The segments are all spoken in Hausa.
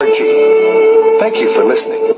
Thank you. Thank you for listening.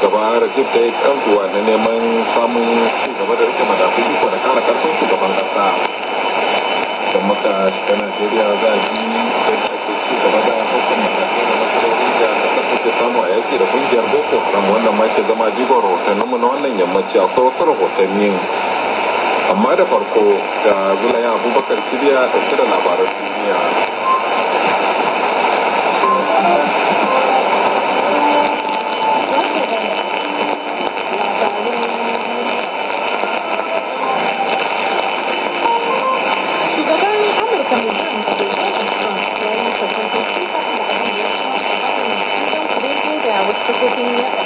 shugaba Rajib da ya ɗaukuwa na neman samun ci gaba da rike madafun iko da kara karfin shugaban kasa Da maka shiga Najeriya za a ji da da hukun madafun da matsalolin da ke samu a yaki da kungiyar Boko Haram wannan ma ke zama jigon rahotanninmu na wannan yammaci akwai wasu rahotanni. Amma da farko ga zulayen Abubakar kiriya ɗauke da labaran duniya. Virginia